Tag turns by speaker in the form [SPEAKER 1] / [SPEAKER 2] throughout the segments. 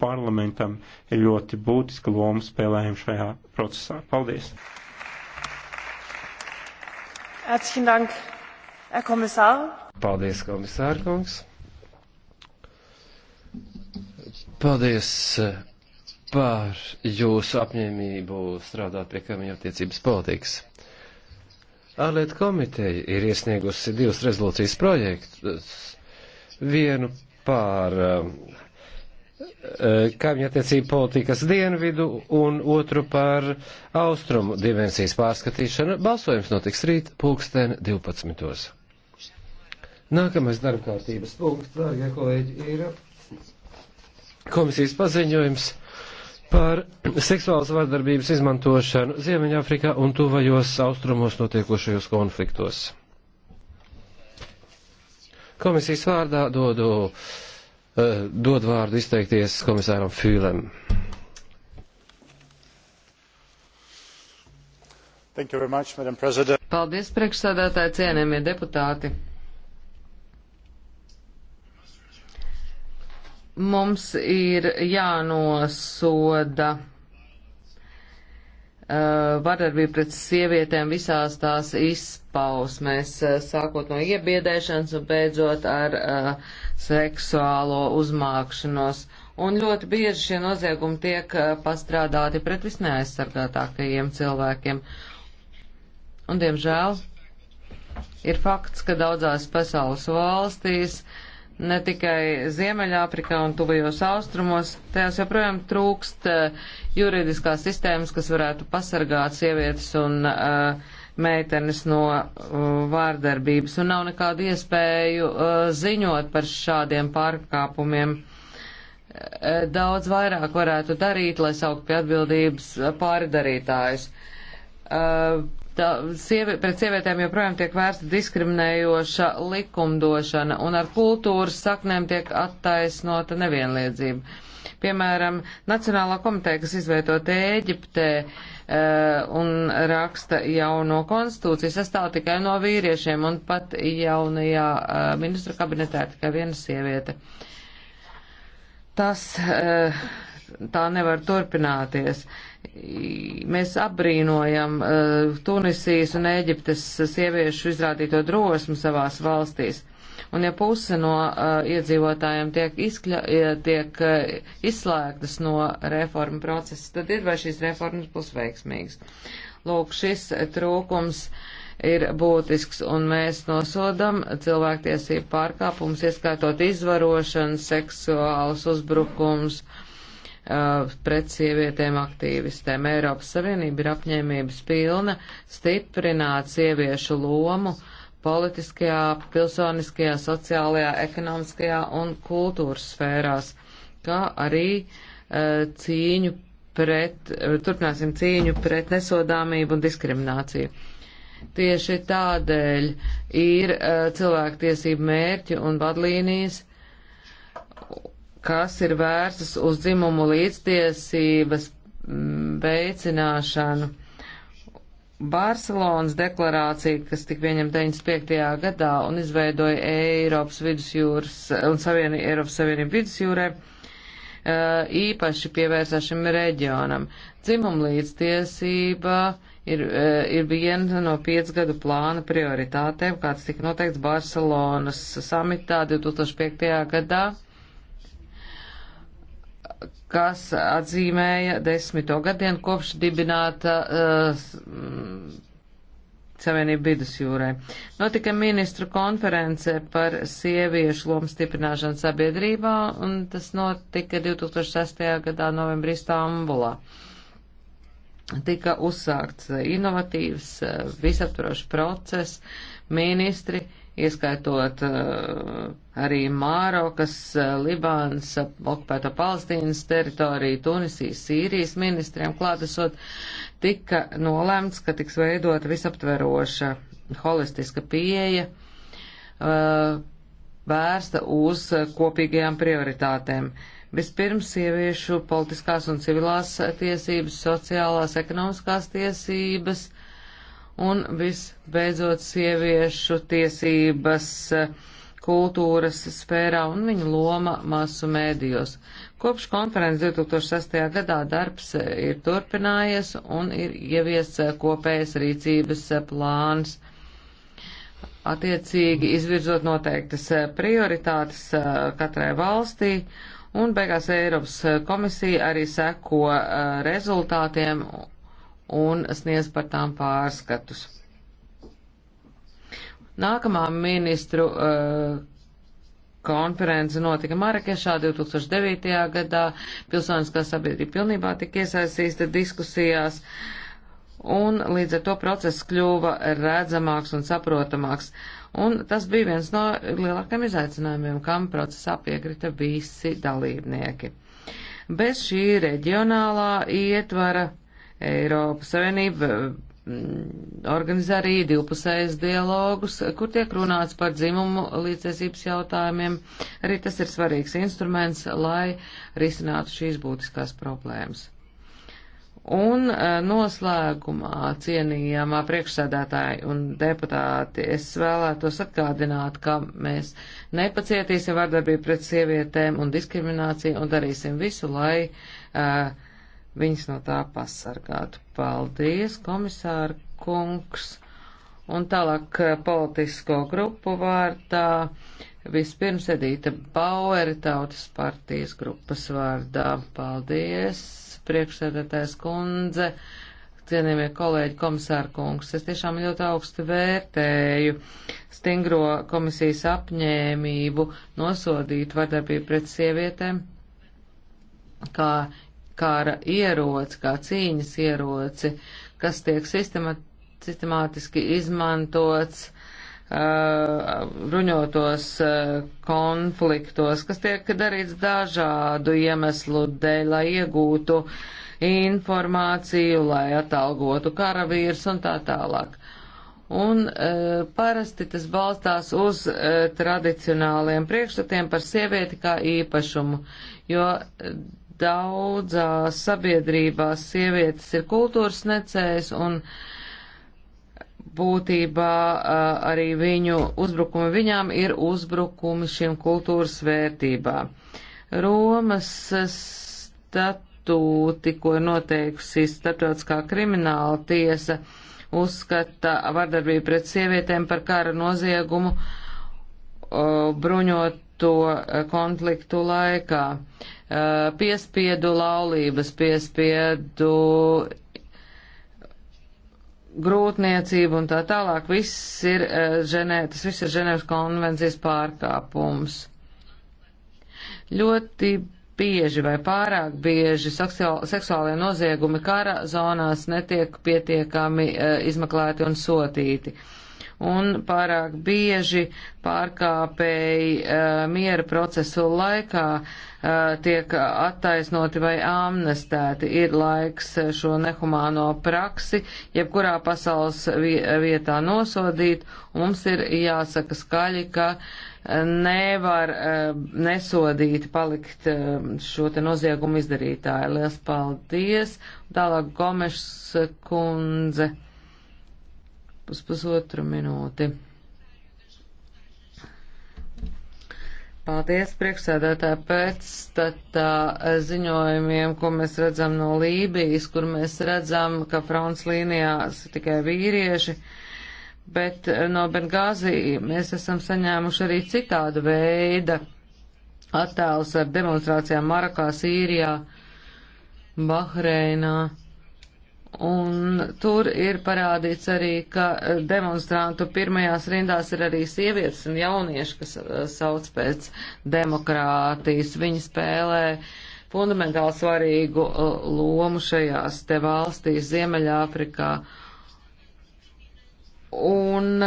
[SPEAKER 1] parlamentam ir ļoti būtiska loma spēlējama šajā procesā. Paldies!
[SPEAKER 2] Paldies, komisārkungs! Paldies eh, par jūsu apņēmību strādāt pie kaimiņu attiecības politikas. Ārlietu komiteja ir iesniegusi divus rezolūcijas projektus. Vienu par uh, Eh, kaimiņattiecību politikas dienvidu un otru par austrumu dimensijas pārskatīšanu. Balsojums notiks rīt pulksten 12. Nākamais darbkārtības punkts, dārgie kolēģi, ir komisijas paziņojums par seksuālas vardarbības izmantošanu Ziemeņāfrikā un tuvajos austrumos notiekošajos konfliktos. Komisijas vārdā dodu uh, Eh, dod vārdu izteikties komisāram Fīlem.
[SPEAKER 1] Much, Paldies,
[SPEAKER 3] priekšsādātāji, cienījamie deputāti. Mums ir jānosoda Eh, vardarbība pret sievietēm visās tās izpausmēs, eh, sākot no iebiedēšanas un beidzot ar uh, seksuālo uzmākšanos. Un ļoti bieži šie noziegumi tiek pastrādāti pret visneaizsargātākajiem cilvēkiem. Un, diemžēl, ir fakts, ka daudzās pasaules valstīs uh, ne tikai Ziemeļāfrikā un tuvajos austrumos, tajās joprojām trūkst uh, juridiskās sistēmas, kas varētu pasargāt sievietes un uh, meitenes no uh, vārdarbības, un nav nekādu iespēju ziņot par šādiem pārkāpumiem. Daudz vairāk varētu darīt, lai saukt pie atbildības pārdarītājus tā, sievi, pret sievietēm joprojām tiek vērsta diskriminējoša likumdošana un ar kultūras saknēm tiek attaisnota nevienliedzība. Piemēram, Nacionālā komiteja, kas izveidota Ēģiptē e, un raksta jauno konstitūciju, sastāv tikai no vīriešiem un pat jaunajā e, eh, ministra kabinetā ir tikai viena sieviete. Tas, e, tā nevar turpināties. E, Mēs apbrīnojam uh, Tunisijas un Ēģiptes sieviešu izrādīto drosmu savās valstīs. Un ja puse no uh, iedzīvotājiem tiek, izkļa, tiek uh, izslēgtas no reformu procesa, tad ir vai šīs reformas būs veiksmīgas. Lūk, šis trūkums ir būtisks, un mēs nosodam cilvēktiesību pārkāpumus, ieskaitot izvarošanu, seksuālus uzbrukums. Uh, Uh, pret sievietēm aktīvistēm. Eiropas Savienība ir apņēmības pilna stiprināt sieviešu lomu politiskajā, pilsoniskajā, sociālajā, ekonomiskajā un kultūras sfērās, kā arī uh, cīņu pret, uh, turpināsim cīņu pret nesodāmību un diskrimināciju. Tieši tādēļ ir uh, cilvēktiesību mērķi un vadlīnijas, kas ir vērstas uz dzimumu līdztiesības mm, veicināšanu. Barcelonas deklarācija, kas tika pieņemta 95. gadā un izveidoja Eiropas vidusjūras eh, un savieni, Eiropas Savienību vidusjūrē, eh, īpaši pievērsās šim reģionam. Dzimumlīdztiesība ir, eh, ir viena no piecgadu plāna prioritātēm, kāds tika noteikts Barcelonas samitā 2005. gadā kas atzīmēja desmito gadienu kopš dibināta uh, Savienība vidusjūrē. Notika ministru konference par sieviešu lomu stiprināšanu sabiedrībā, un tas notika 2006. gadā novembrī Stambulā. Tika uzsākts inovatīvs, uh, visaptvarošs process, ministri ieskaitot eh, arī Mārokas, eh, Libānas, okupēto Palestīnas teritoriju, Tunisijas, Sīrijas ministriem klātesot, tika nolēmts, ka tiks veidot visaptveroša holistiska pieeja eh, vērsta uz kopīgajām prioritātēm. Vispirms sieviešu politiskās un civilās tiesības, sociālās, ekonomiskās tiesības, un visbeidzot sieviešu tiesības eh, kultūras sfērā un viņu loma masu mēdījos. Kopš konferences 2006. gadā darbs eh, ir turpinājies un ir ieviests eh, kopējas rīcības plāns. Attiecīgi izvirzot noteiktas prioritātes katrai valstī un beigās Eiropas komisija arī seko rezultātiem un sniedz par tām pārskatus. Nākamā ministru uh, konference notika Marakešā 2009. gadā. Pilsoniskā sabiedrība pilnībā tika iesaistīta diskusijās. Un līdz ar to process kļuva redzamāks un saprotamāks. Un tas bija viens no lielākiem izaicinājumiem, kam procesā piekrita visi dalībnieki. Bez šī reģionālā ietvara Eiropas Savienība mm, organizē arī divpusējas dialogus, kur tiek runāts par dzimumu līdzēsības jautājumiem. Arī tas ir svarīgs instruments, lai risinātu šīs būtiskās problēmas. Un eh, noslēgumā, cienījamā priekšsēdētāji un deputāti, es vēlētos atgādināt, ka mēs nepacietīsim vardarbību pret sievietēm un diskrimināciju un darīsim visu, lai uh, viņas no tā pasargātu. Paldies, komisāra kungs! Un tālāk eh, politisko grupu vārdā. Vispirms Edīta Baueri Tautas partijas grupas vārdā. Paldies, priekšsēdētājs kundze, cienījamie kolēģi komisāra kungs. Es tiešām ļoti augstu vērtēju stingro komisijas apņēmību nosodīt vardarbību pret sievietēm, kā kara ieroci, kā cīņas ieroci, kas tiek sistemat, sistemātiski izmantots uh, bruņotos uh, konfliktos, kas tiek darīts dažādu iemeslu dēļ, lai iegūtu informāciju, lai atalgotu karavīrs un tā tālāk. Un e, uh, parasti tas balstās uz e, tradicionāliem priekšstatiem par sievieti kā īpašumu, jo uh, daudzās sabiedrībās sievietes ir kultūras necējas un būtībā arī viņu uzbrukumi viņām ir uzbrukumi šīm kultūras vērtībām. Romas statūti, ko ir noteikusi starptautiskā krimināla tiesa, uzskata vardarbību pret sievietēm par kara noziegumu, bruņot to eh, konfliktu laikā. Eh, piespiedu laulības, piespiedu grūtniecību un tā tālāk, viss ir, eh, ženē, tas viss ir Ženēvas konvencijas pārkāpums. Ļoti bieži vai pārāk bieži seksuālie noziegumi kara zonās netiek pietiekami izmeklēti un sotīti. Uh, un pārāk bieži pārkāpēji uh, miera procesu laikā uh, tiek attaisnoti vai amnestēti. Ir laiks eh, šo nehumāno praksi, jebkurā pasaules vietā nosodīt, un mums ir jāsaka skaļi, ka nevar uh, nesodīti palikt šo te noziegumu izdarītāju. Lielas paldies! Tālāk Gomešs kundze uz pusotru minūti. Paldies, priekšsēdētāji, pēc tā ziņojumiem, ko mēs redzam no Lībijas, kur mēs redzam, ka fronts līnijās ir tikai vīrieši, bet no Bengāzī mēs esam saņēmuši arī citādu veidu attēlus ar demonstrācijām Marakā, Sīrijā, Bahreinā. Un tur ir parādīts arī, ka eh, demonstrantu pirmajās rindās ir arī sievietes un jaunieši, kas eh, sauc pēc demokrātijas. Viņi spēlē fundamentāli svarīgu eh, lomu šajās te valstīs Ziemeļāfrikā. Un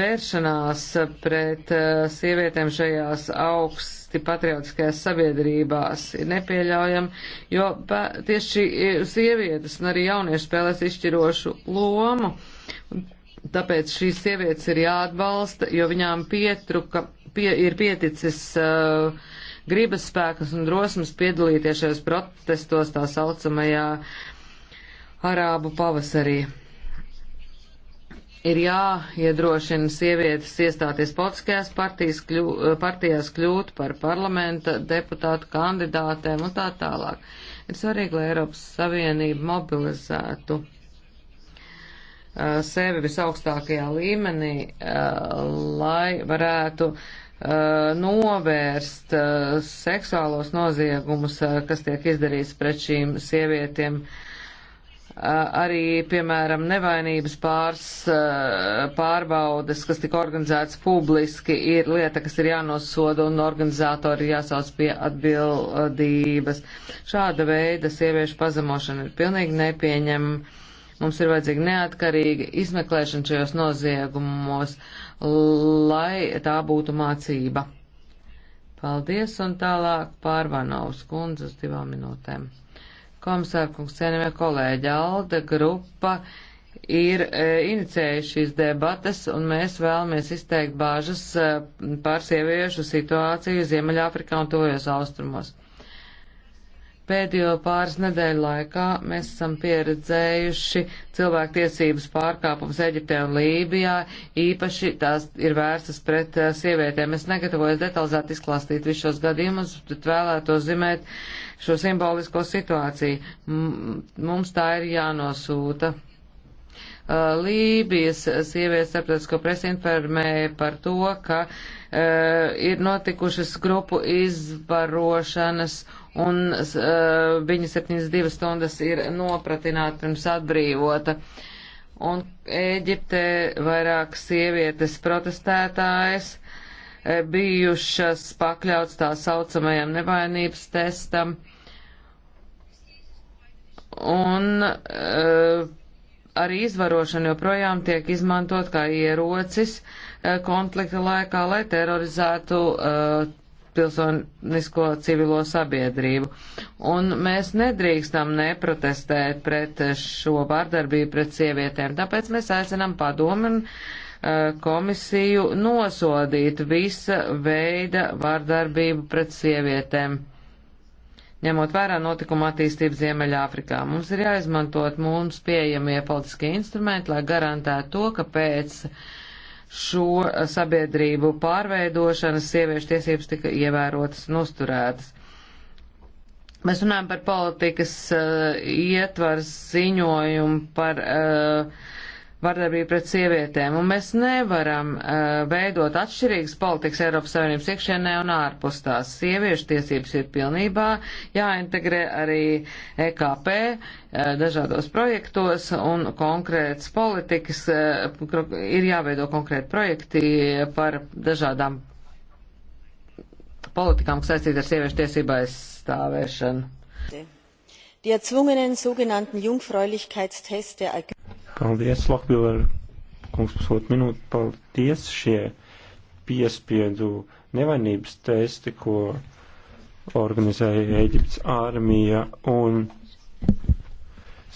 [SPEAKER 3] vēršanās pret sievietēm šajās augsts parasti patriotiskajās sabiedrībās ir nepieļaujama, jo tieši e, sievietes un arī jaunieši spēlēs izšķirošu lomu. Tāpēc šīs sievietes ir jāatbalsta, jo viņām pietruka, pie, ir pieticis uh, gribas spēkas un drosmas piedalīties šajos protestos tā saucamajā arābu pavasarī ir jāiedrošina sievietes iestāties politiskajās partijas, kļū, eh, partijās, kļūt par parlamenta deputātu kandidātēm un tā tālāk. Ir svarīgi, lai Eiropas Savienība mobilizētu uh, sevi visaugstākajā līmenī, uh, lai varētu uh, novērst seksuālos noziegumus, kas tiek izdarīts pret šīm sievietiem uh, arī, piemēram, nevainības pārs, pārbaudes, kas tika organizētas publiski, ir lieta, kas ir jānosoda un organizātori jāsauc pie atbildības. Šāda veida sieviešu pazemošana ir pilnīgi nepieņemama. Mums ir vajadzīga neatkarīga izmeklēšana šajos noziegumos, lai tā būtu mācība. Paldies un tālāk pārvanovs kundzes divām minūtēm. Komisārkungs, cienījamie kolēģi, Alda grupa ir e, inicējuši šīs debatas, un mēs vēlamies izteikt bāžas e, par sieviešu situāciju Ziemeļāfrikā un tojos austrumos. Pēdējo pāris nedēļu laikā mēs esam pieredzējuši cilvēktiesības pārkāpums Eģiptē un Lībijā, īpaši tās ir vērstas pret eh, sievietēm. Es negatavojos detalizēt izklāstīt visus šos gadījumus, bet vēlētos zīmēt šo simbolisko situāciju. Mums tā ir jānosūta Uh, Lībijas sievietes starptautisko presi informēja par to, ka uh, ir notikušas grupu izvarošanas un uh, viņa 72 stundas ir nopratināta pirms atbrīvota. Un Ēģipte vairāk sievietes protestētājas uh, bijušas pakļauts tā saucamajam nevainības testam. Un uh, arī izvarošana joprojām tiek izmantot kā ierocis eh, konflikta laikā, lai terorizētu uh, pilsonisko civilo sabiedrību. Un mēs nedrīkstam neprotestēt pret šo vārdarbību pret sievietēm, tāpēc mēs aicinām padomu un uh, komisiju nosodīt visa veida vārdarbību pret sievietēm ņemot vērā notikuma attīstību Ziemeļāfrikā. Mums ir jāizmantot mums pieejamie politiskie instrumenti, lai garantētu to, ka pēc šo sabiedrību pārveidošanas sieviešu tiesības tika ievērotas un uzturētas. Mēs runājam par politikas uh, eh, ietvars ziņojumu par uh, vardarbību pret sievietēm, un mēs nevaram uh, veidot atšķirīgas politikas Eiropas Savienības iekšienē un ārpus tās. Sieviešu tiesības ir pilnībā jāintegrē arī EKP uh, eh, dažādos projektos, un konkrētas politikas uh, ir jāveido konkrēti projekti par dažādām politikām, kas saistīta ar sieviešu tiesību aizstāvēšanu. Die erzwungenen sogenannten Jungfräulichkeitstests der
[SPEAKER 1] Paldies, Lokbiller, kungs, pusotru minūti. Paldies šie piespiedu nevainības testi, ko organizēja Eģiptes armija un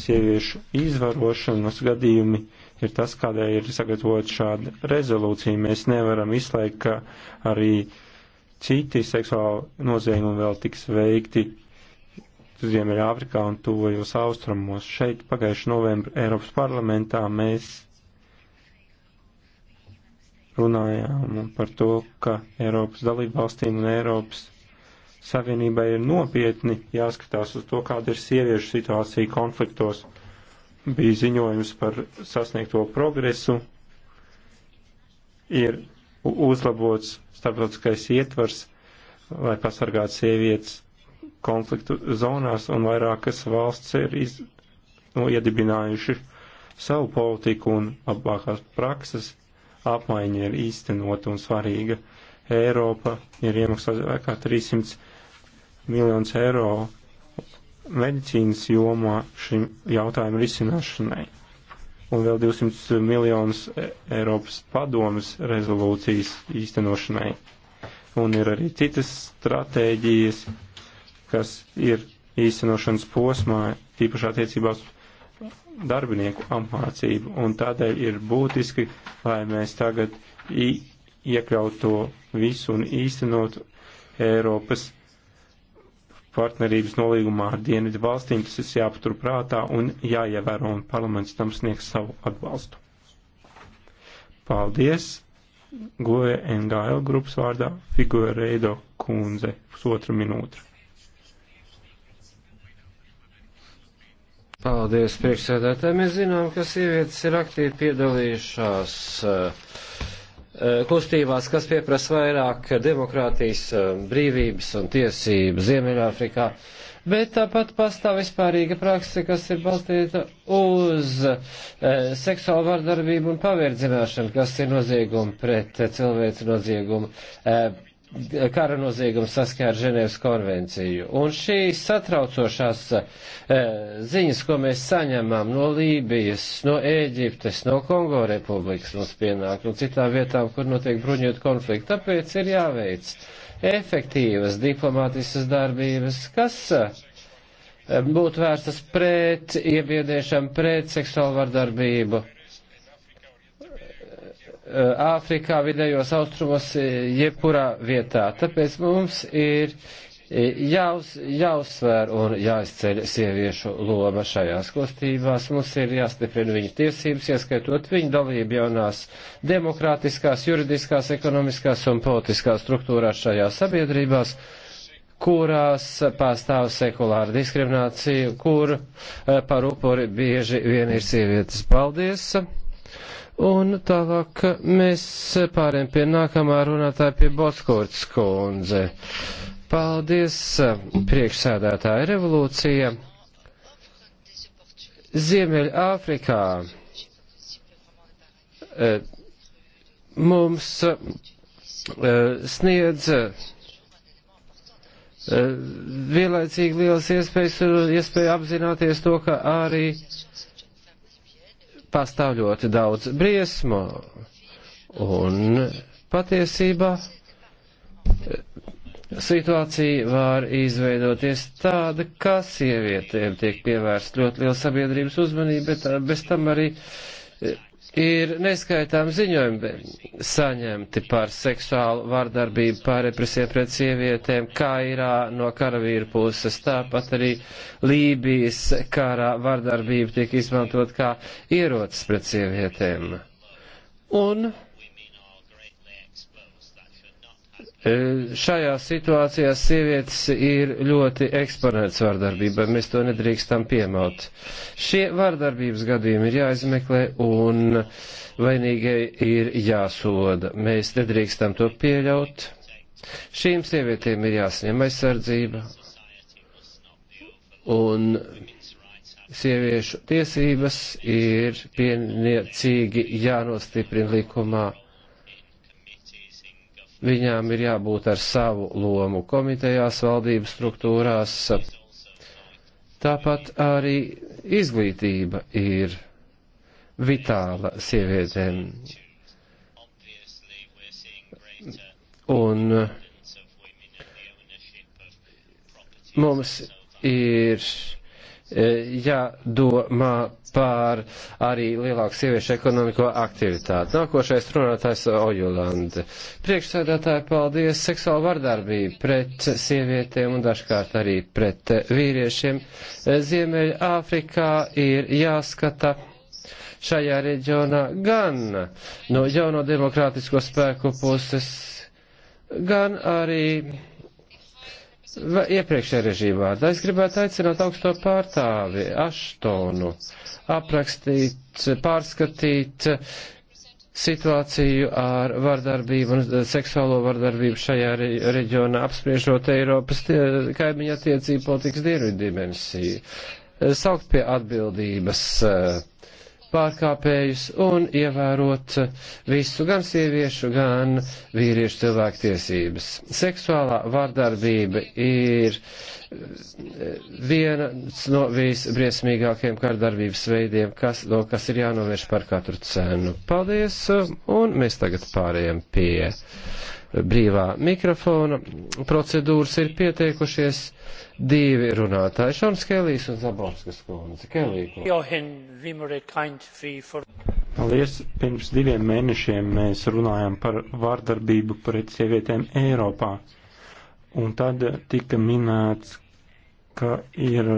[SPEAKER 1] sieviešu izvarošanas gadījumi ir tas, kādēļ ir sagatavot šāda rezolūcija. Mēs nevaram izslēgt, ka arī citi seksuāli noziegumi vēl tiks veikti Ziemeļāfrikā un tuvajos austrumos. Šeit pagājuši novembri Eiropas parlamentā mēs runājām par to, ka Eiropas dalībvalstīm un Eiropas Savienībai ir nopietni jāskatās uz to, kāda ir sieviešu situācija konfliktos. Bija ziņojums par sasniegto progresu, ir uzlabots starptautiskais ietvars, lai pasargātu sievietes konfliktu zonās, un vairākas valsts ir iz, nu, iedibinājuši savu politiku, un labākās prakses apmaiņa ir īstenota un svarīga. Eiropa ir iemaksājusi vairāk kā 300 miljonus eiro medicīnas jomā šim jautājumu risināšanai. Un vēl 200 miljonus e- Eiropas padomas rezolūcijas īstenošanai. Un ir arī citas stratēģijas, kas ir īstenošanas posmā, tīpaši attiecībās darbinieku apmācību, un tādēļ ir būtiski, lai mēs tagad iekļaut to visu un īstenot Eiropas partnerības nolīgumā ar dienvidu valstīm, tas ir jāpatur prātā un jāievēro, un parlaments tam sniegs savu atbalstu. Paldies! Goja NGL grupas vārdā Figueiredo kundze, pusotra minūte. Paldies, priekšsēdētāji. Mēs zinām, ka
[SPEAKER 2] sievietes ir aktīvi piedalījušās eh, eh, kustībās, kas pieprasa vairāk demokrātijas, eh, brīvības un tiesības Ziemeļāfrikā bet tāpat pastāv vispārīga prakse, kas ir balstīta uz e, seksuālu vardarbību un pavērdzināšanu, kas ir noziegumi pret cilvēku noziegumu. E, kara noziegums saskāra Ženēvas konvenciju. Un šīs satraucošās e, ziņas, ko mēs saņemam no Lībijas, no Ēģiptes, no Kongo republikas mums pienāk un citām vietām, kur notiek bruņot konflikti, tāpēc ir jāveic efektīvas diplomātiskas darbības, kas e, būtu vērstas pret iebiedēšanu, pret seksuālu vardarbību Eh, Āfrikā, vidējos austrumos, eh, jebkurā vietā. Tāpēc mums ir eh, jāuz, jāuzsver un jāizceļ sieviešu loma šajās kustībās. Mums ir jāstiprina viņu tiesības, ieskaitot viņu dalību jaunās demokrātiskās, juridiskās, ekonomiskās un politiskās struktūrās šajās sabiedrībās kurās pastāv sekulāra diskriminācija, kur par upuri bieži vien ir sievietes. Paldies! Un tālāk mēs pāriem pie nākamā runātāja pie Botskurts kundze. Paldies, priekšsēdētāja revolūcija. Ziemeļa Āfrikā e, mums e, sniedz e, vienlaicīgi lielas iespējas un iespēja apzināties to, ka arī uh, pastāv ļoti daudz briesmu un patiesībā eh, situācija var izveidoties tāda, ka sievietēm tiek pievērst ļoti liela sabiedrības uzmanība, bet eh, bez tam arī eh, Ir neskaitām ziņojumi saņemti par seksuālu vardarbību, par represiju pret sievietēm, Kairā no karavīru puses, tāpat arī Lībijas karā vardarbība tiek izmantot kā ierocis pret sievietēm. Un E, šajā situācijā sievietes ir ļoti eksponētas vardarbībai, mēs to nedrīkstam piemaut. Šie vardarbības gadījumi ir jāizmeklē un vainīgai ir jāsoda. Mēs nedrīkstam to pieļaut. Šīm sievietēm ir jāsņem aizsardzība un sieviešu tiesības ir pieniecīgi jānostiprina likumā Viņām ir jābūt ar savu lomu komitejās, valdības struktūrās. Tāpat arī izglītība ir vitāla sievietēm. Un mums ir E, jādomā par arī lielāku sieviešu ekonomiko aktivitāti. Nākošais runātājs Ojulanda. Priekšsēdētāji, paldies! Seksuāla vardarbība pret sievietēm un dažkārt arī pret vīriešiem e, Ziemeļa Āfrikā ir jāskata šajā reģionā gan no jauno demokrātisko spēku puses, gan arī iepriekšējā režīmā. Da es gribētu aicināt augsto pārtāvi Aštonu aprakstīt, pārskatīt situāciju ar vardarbību un seksuālo vardarbību šajā re reģionā, apspriežot Eiropas kaimiņa attiecību politikas dienvidu dimensiju. Saukt pie atbildības uh, pārkāpējus un ievērot visu gan sieviešu, gan vīriešu cilvēktiesības. Seksuālā vārdarbība ir eh, viens no visbriesmīgākajiem kārdarbības veidiem, kas, no kas ir jānovērš par katru cenu. Paldies, un mēs tagad pārējām pie brīvā mikrofona procedūras ir pieteikušies divi
[SPEAKER 1] runātāji - Šons Kelijs un Zaborskas kundze. Paldies! Pirms diviem mēnešiem mēs runājām par vārdarbību pret sievietēm Eiropā. Un tad tika minēts, ka ir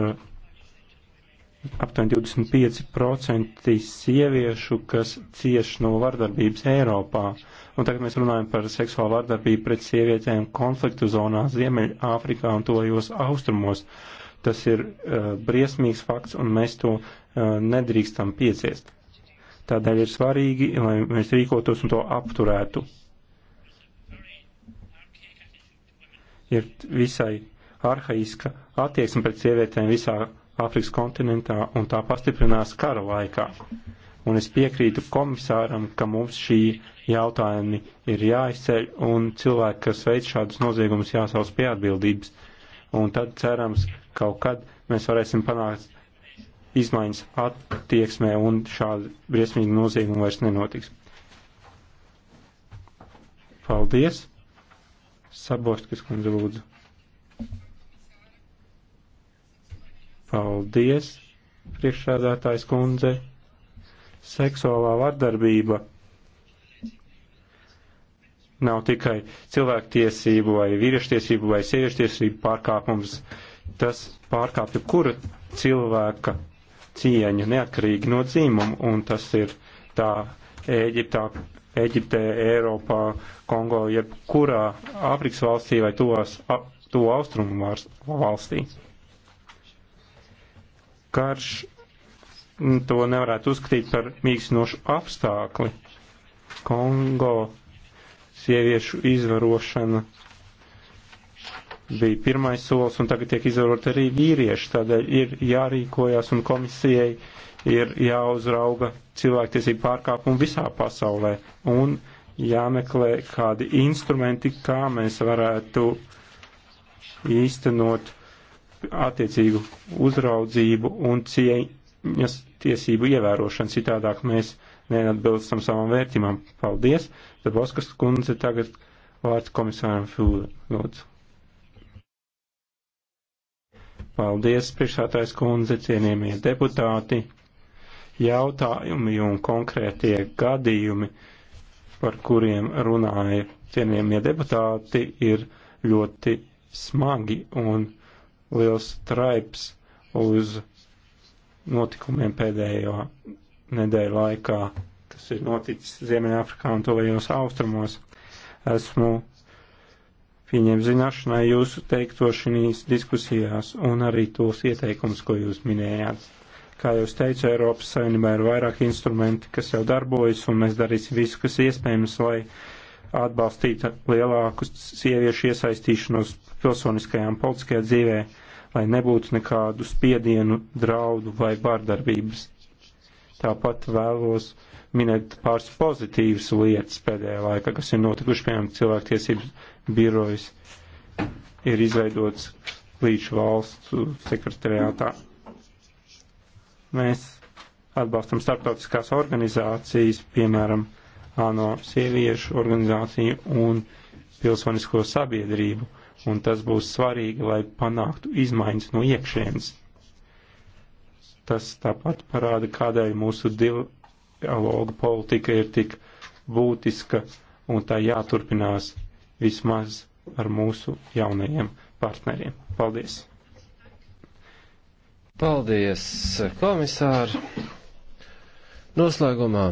[SPEAKER 1] aptuveni 25% sieviešu, kas cieš no vardarbības Eiropā. Un tagad mēs runājam par seksuālu vardarbību pret sievietēm konfliktu zonā Ziemeļāfrikā un tojos austrumos. Tas ir uh, briesmīgs fakts un mēs to uh, nedrīkstam pieciest. Tādēļ ir svarīgi, lai mēs rīkotos un to apturētu. Ir visai arhaiska attieksme pret sievietēm visā Āfrikas kontinentā un tā pastiprinās kara laikā un es piekrītu komisāram, ka mums šī jautājumi ir jāizceļ un cilvēki, kas veic šādus noziegumus, jāsauc pie atbildības. Un tad cerams, kaut kad mēs varēsim panākt izmaiņas attieksmē un šādi briesmīgi noziegumi vairs nenotiks. Paldies! Saborskas kundze lūdzu. Paldies, priekšsēdētājs kundze seksuālā vardarbība nav tikai cilvēktiesību vai vīriešķtiesību vai sieviešķtiesību pārkāpums, tas pārkāpj jebkura cilvēka cieņu neatkarīgi no dzīmuma, un tas ir tā Ēģiptā, Ēģiptē, Eiropā, Kongo, jebkurā Āfrikas valstī vai tuvās, tuvu austrumu valstī. Karš to nevarētu uzskatīt par mīkstinošu apstākli. Kongo sieviešu izvarošana bija pirmais solis, un tagad tiek izvarot arī vīrieši. Tādēļ ir jārīkojas, un komisijai ir jāuzrauga cilvēktiesību pārkāpumu visā pasaulē, un jāmeklē kādi instrumenti, kā mēs varētu īstenot attiecīgu uzraudzību un cieņas tiesību ievērošanu, citādāk mēs neatbilstam savam vērtībām. Paldies! Tad Voskas kundze tagad vārds komisāram Fūle. Lūdzu. Paldies, priekšsātais kundze, cienījamie deputāti. Jautājumi un konkrētie gadījumi, par kuriem runāja cienījamie deputāti, ir ļoti smagi un liels traips uz notikumiem pēdējo nedēļu laikā, kas ir noticis Ziemeļāfrikā un tuvajos austrumos. Esmu pieņem zināšanai jūsu teikto šīs diskusijās un arī tos ieteikumus, ko jūs minējāt. Kā jau teicu, Eiropas Savienībā ir vairāk instrumenti, kas jau darbojas, un mēs darīsim visu, kas iespējams, lai atbalstītu lielāku sieviešu iesaistīšanos pilsoniskajām politiskajā dzīvē lai nebūtu nekādu spiedienu, draudu vai vardarbības. Tāpat vēlos minēt pāris pozitīvas lietas pēdējā laikā, kas ir notikuši, piemēram, cilvēktiesības birojas ir izveidots līdz valstu sekretariātā. Mēs atbalstam starptautiskās organizācijas, piemēram, ANO sieviešu organizāciju un pilsonisko sabiedrību un tas būs svarīgi, lai panāktu izmaiņas no iekšienes. Tas tāpat parāda, kādēļ mūsu dialoga politika ir tik būtiska un tā jāturpinās vismaz ar mūsu jaunajiem partneriem. Paldies! Paldies, komisāri!
[SPEAKER 2] Noslēgumā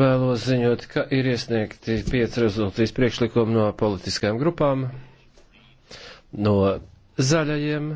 [SPEAKER 2] Vēlos ziņot, ka ir iesniegti pieci rezultīs priekšlikumi no politiskajām grupām, no zaļajiem,